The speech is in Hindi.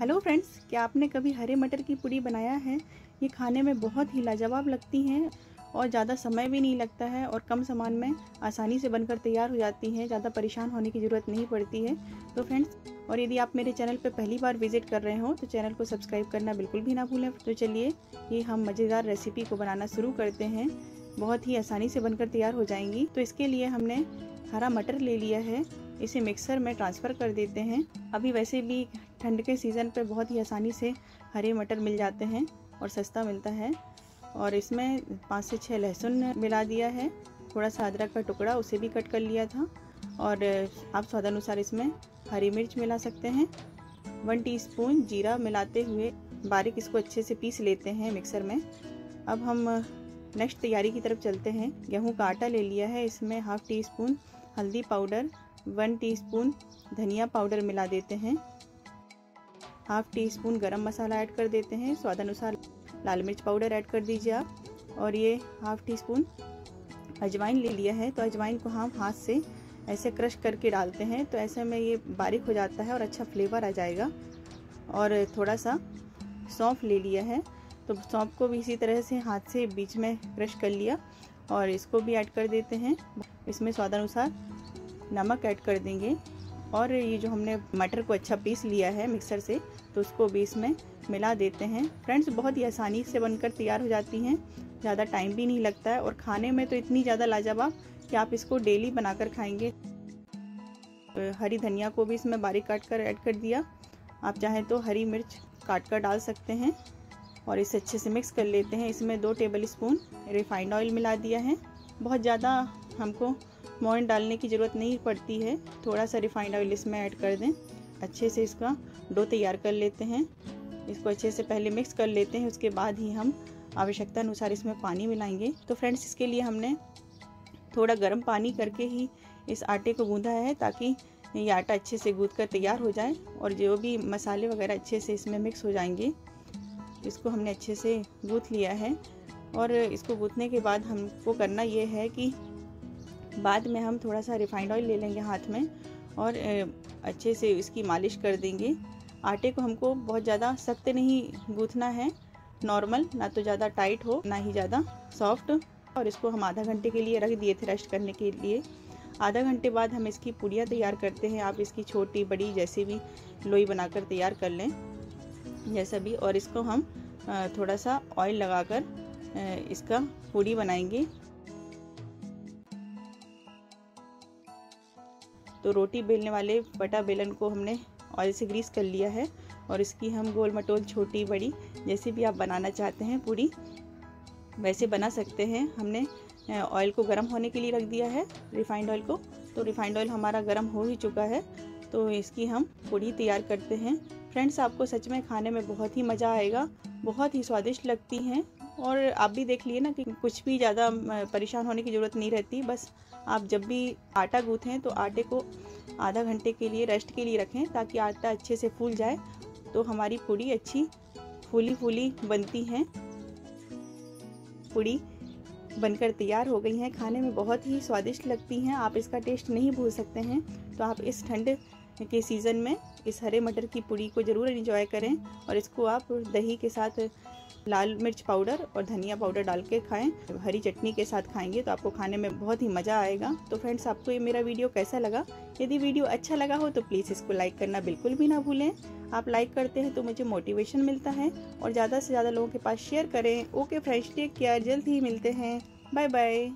हेलो फ्रेंड्स क्या आपने कभी हरे मटर की पूड़ी बनाया है ये खाने में बहुत ही लाजवाब लगती हैं और ज़्यादा समय भी नहीं लगता है और कम सामान में आसानी से बनकर तैयार हो जाती हैं ज़्यादा परेशान होने की ज़रूरत नहीं पड़ती है तो फ्रेंड्स और यदि आप मेरे चैनल पर पहली बार विजिट कर रहे हो तो चैनल को सब्सक्राइब करना बिल्कुल भी ना भूलें तो चलिए ये हम मज़ेदार रेसिपी को बनाना शुरू करते हैं बहुत ही आसानी से बनकर तैयार हो जाएंगी तो इसके लिए हमने हरा मटर ले लिया है इसे मिक्सर में ट्रांसफ़र कर देते हैं अभी वैसे भी ठंड के सीज़न पे बहुत ही आसानी से हरे मटर मिल जाते हैं और सस्ता मिलता है और इसमें पाँच से छः लहसुन मिला दिया है थोड़ा सा अदरक का टुकड़ा उसे भी कट कर लिया था और आप स्वादानुसार इसमें हरी मिर्च मिला सकते हैं वन टीस्पून जीरा मिलाते हुए बारीक इसको अच्छे से पीस लेते हैं मिक्सर में अब हम नेक्स्ट तैयारी की तरफ चलते हैं गेहूं का आटा ले लिया है इसमें हाफ टी स्पून हल्दी पाउडर वन टीस्पून धनिया पाउडर मिला देते हैं हाफ टी स्पून गर्म मसाला ऐड कर देते हैं स्वाद अनुसार लाल मिर्च पाउडर ऐड कर दीजिए आप और ये हाफ टी स्पून अजवाइन ले लिया है तो अजवाइन को हम हाथ से ऐसे क्रश करके डालते हैं तो ऐसे में ये बारीक हो जाता है और अच्छा फ्लेवर आ जाएगा और थोड़ा सा सौंफ ले लिया है तो सौंफ को भी इसी तरह से हाथ से बीच में क्रश कर लिया और इसको भी ऐड कर देते हैं इसमें स्वाद अनुसार नमक ऐड कर देंगे और ये जो हमने मटर को अच्छा पीस लिया है मिक्सर से तो उसको भी इसमें मिला देते हैं फ्रेंड्स बहुत ही आसानी से बनकर तैयार हो जाती हैं ज़्यादा टाइम भी नहीं लगता है और खाने में तो इतनी ज़्यादा लाजवाब कि आप इसको डेली बनाकर खाएंगे तो हरी धनिया को भी इसमें बारीक काट कर ऐड कर दिया आप चाहें तो हरी मिर्च काट कर डाल सकते हैं और इसे अच्छे से मिक्स कर लेते हैं इसमें दो टेबल स्पून रिफाइंड ऑयल मिला दिया है बहुत ज़्यादा हमको मोइन डालने की ज़रूरत नहीं पड़ती है थोड़ा सा रिफाइंड ऑयल इसमें ऐड कर दें अच्छे से इसका डो तैयार कर लेते हैं इसको अच्छे से पहले मिक्स कर लेते हैं उसके बाद ही हम आवश्यकता अनुसार इसमें पानी मिलाएंगे तो फ्रेंड्स इसके लिए हमने थोड़ा गर्म पानी करके ही इस आटे को गूंधा है ताकि ये आटा अच्छे से गूंद कर तैयार हो जाए और जो भी मसाले वगैरह अच्छे से इसमें मिक्स हो जाएंगे इसको हमने अच्छे से गूँथ लिया है और इसको गूँथने के बाद हमको करना ये है कि बाद में हम थोड़ा सा रिफाइंड ऑयल ले लेंगे हाथ में और अच्छे से इसकी मालिश कर देंगे आटे को हमको बहुत ज़्यादा सख्त नहीं गूँथना है नॉर्मल ना तो ज़्यादा टाइट हो ना ही ज़्यादा सॉफ्ट और इसको हम आधा घंटे के लिए रख दिए थे रेस्ट करने के लिए आधा घंटे बाद हम इसकी पूड़ियाँ तैयार करते हैं आप इसकी छोटी बड़ी जैसे भी लोई बनाकर तैयार कर लें जैसा भी और इसको हम थोड़ा सा ऑयल लगाकर इसका पूड़ी बनाएंगे तो रोटी बेलने वाले बटा बेलन को हमने ऑयल से ग्रीस कर लिया है और इसकी हम गोल मटोल छोटी बड़ी जैसे भी आप बनाना चाहते हैं पूड़ी वैसे बना सकते हैं हमने ऑयल को गर्म होने के लिए रख दिया है रिफाइंड ऑयल को तो रिफाइंड ऑयल हमारा गर्म हो ही चुका है तो इसकी हम पूड़ी तैयार करते हैं फ्रेंड्स आपको सच में खाने में बहुत ही मज़ा आएगा बहुत ही स्वादिष्ट लगती हैं और आप भी देख लिए ना कि कुछ भी ज़्यादा परेशान होने की ज़रूरत नहीं रहती बस आप जब भी आटा गूँथें तो आटे को आधा घंटे के लिए रेस्ट के लिए रखें ताकि आटा अच्छे से फूल जाए तो हमारी पूड़ी अच्छी फूली फूली बनती हैं पूड़ी बनकर तैयार हो गई हैं खाने में बहुत ही स्वादिष्ट लगती हैं आप इसका टेस्ट नहीं भूल सकते हैं तो आप इस ठंड के सीज़न में इस हरे मटर की पूड़ी को ज़रूर इन्जॉय करें और इसको आप दही के साथ लाल मिर्च पाउडर और धनिया पाउडर डाल के खाएँ हरी चटनी के साथ खाएंगे तो आपको खाने में बहुत ही मज़ा आएगा तो फ्रेंड्स आपको ये मेरा वीडियो कैसा लगा यदि वीडियो अच्छा लगा हो तो प्लीज़ इसको लाइक करना बिल्कुल भी ना भूलें आप लाइक करते हैं तो मुझे मोटिवेशन मिलता है और ज़्यादा से ज़्यादा लोगों के पास शेयर करें ओके फ्रेंड्स टेक केयर जल्द ही मिलते हैं बाय बाय